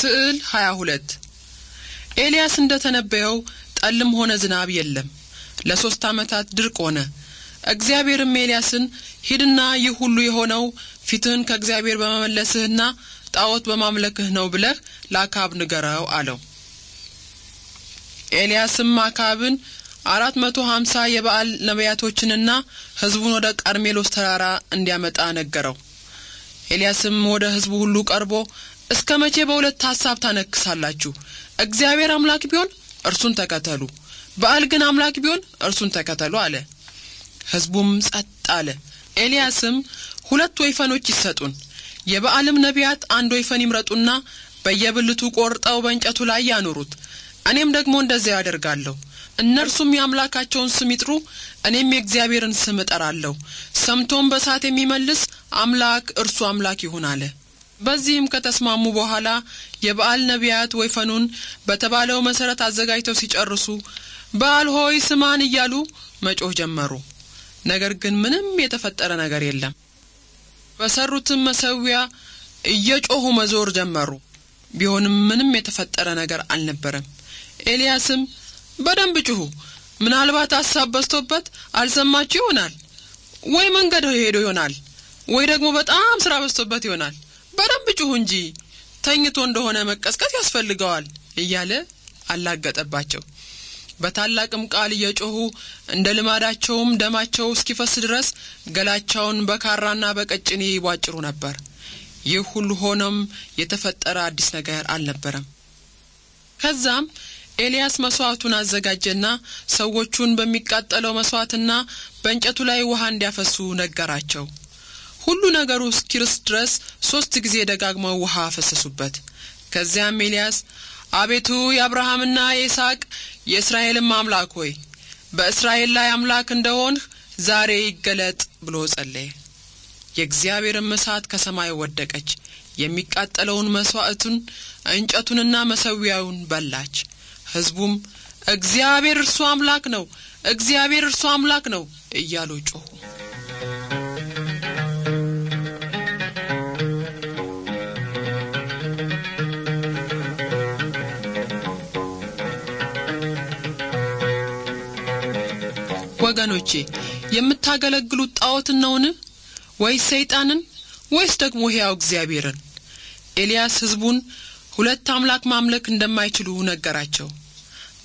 ስዕል 22 ኤልያስ እንደ ተነበየው ጠልም ሆነ ዝናብ የለም። ለሶስት ዓመታት ድርቅ ሆነ። እግዚአብሔርም ኤልያስን ሂድና ይህ ሁሉ የሆነው ፊትህን ከእግዚአብሔር በመመለስህና ጣዖት በማምለክህ ነው ብለህ ለአካብ ንገረው አለው። ኤልያስም አካብን አራት መቶ ሀምሳ የበዓል ነቢያቶችንና ሕዝቡን ወደ ቀርሜሎስ ተራራ እንዲያመጣ ነገረው። ኤልያስም ወደ ሕዝቡ ሁሉ ቀርቦ እስከ መቼ በሁለት ሐሳብ ታነክሳላችሁ? እግዚአብሔር አምላክ ቢሆን እርሱን ተከተሉ፣ በዓል ግን አምላክ ቢሆን እርሱን ተከተሉ አለ። ሕዝቡም ጸጥ አለ። ኤልያስም ሁለት ወይፈኖች ይሰጡን፣ የበዓልም ነቢያት አንድ ወይፈን ይምረጡና በየብልቱ ቆርጠው በእንጨቱ ላይ ያኖሩት እኔም ደግሞ እንደዚያ ያደርጋለሁ። እነርሱም የአምላካቸውን ስም ይጥሩ፣ እኔም የእግዚአብሔርን ስም እጠራለሁ። ሰምቶም በእሳት የሚመልስ አምላክ እርሱ አምላክ ይሁን አለ። በዚህም ከተስማሙ በኋላ የበዓል ነቢያት ወይፈኑን በተባለው መሠረት አዘጋጅተው ሲጨርሱ በዓል ሆይ ስማን እያሉ መጮህ ጀመሩ። ነገር ግን ምንም የተፈጠረ ነገር የለም። በሰሩትም መሠዊያ እየጮኹ መዞር ጀመሩ። ቢሆንም ምንም የተፈጠረ ነገር አልነበረም። ኤልያስም በደንብ ጩኹ፣ ምናልባት ሀሳብ በዝቶበት አልሰማችሁ ይሆናል፣ ወይ መንገድ ሄዶ ይሆናል፣ ወይ ደግሞ በጣም ስራ በዝቶበት ይሆናል። በደንብ ጩኹ እንጂ ተኝቶ እንደሆነ መቀስቀስ ያስፈልገዋል እያለ አላገጠባቸው። በታላቅም ቃል እየጮኹ እንደ ልማዳቸውም ደማቸው እስኪፈስ ድረስ ገላቸውን በካራና በቀጭኔ ይቧጭሩ ነበር። ይህ ሁሉ ሆኖም የተፈጠረ አዲስ ነገር አልነበረም። ከዛም ኤልያስ መስዋዕቱን አዘጋጀና ሰዎቹን በሚቃጠለው መስዋዕትና በእንጨቱ ላይ ውሃ እንዲያፈሱ ነገራቸው። ሁሉ ነገሩ እስኪርስ ድረስ ሦስት ጊዜ ደጋግመው ውሃ አፈሰሱበት። ከዚያም ኤልያስ አቤቱ የአብርሃምና የይስሐቅ የእስራኤልም አምላክ ሆይ በእስራኤል ላይ አምላክ እንደሆንህ ዛሬ ይገለጥ ብሎ ጸለየ። የእግዚአብሔርም እሳት ከሰማይ ወደቀች፣ የሚቃጠለውን መሥዋዕቱን እንጨቱንና መሠዊያውን በላች። ሕዝቡም እግዚአብሔር እርሱ አምላክ ነው፣ እግዚአብሔር እርሱ አምላክ ነው እያሉ ጮኹ። ወገኖቼ የምታገለግሉት ጣዖትን ነውን? ወይስ ሰይጣንን? ወይስ ደግሞ ሕያው እግዚአብሔርን? ኤልያስ ሕዝቡን ሁለት አምላክ ማምለክ እንደማይችሉ ነገራቸው።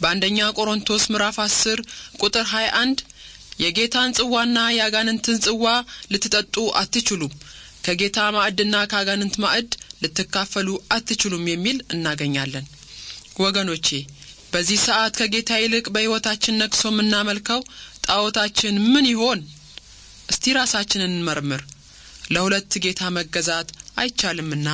በአንደኛ ቆሮንቶስ ምዕራፍ 10 ቁጥር 21 የጌታን ጽዋና የአጋንንትን ጽዋ ልትጠጡ አትችሉም፣ ከጌታ ማዕድና ከአጋንንት ማዕድ ልትካፈሉ አትችሉም የሚል እናገኛለን። ወገኖቼ በዚህ ሰዓት ከጌታ ይልቅ በሕይወታችን ነግሶ የምናመልከው ጣዖታችን ምን ይሆን? እስቲ ራሳችንን እንመርምር። ለሁለት ጌታ መገዛት አይቻልምና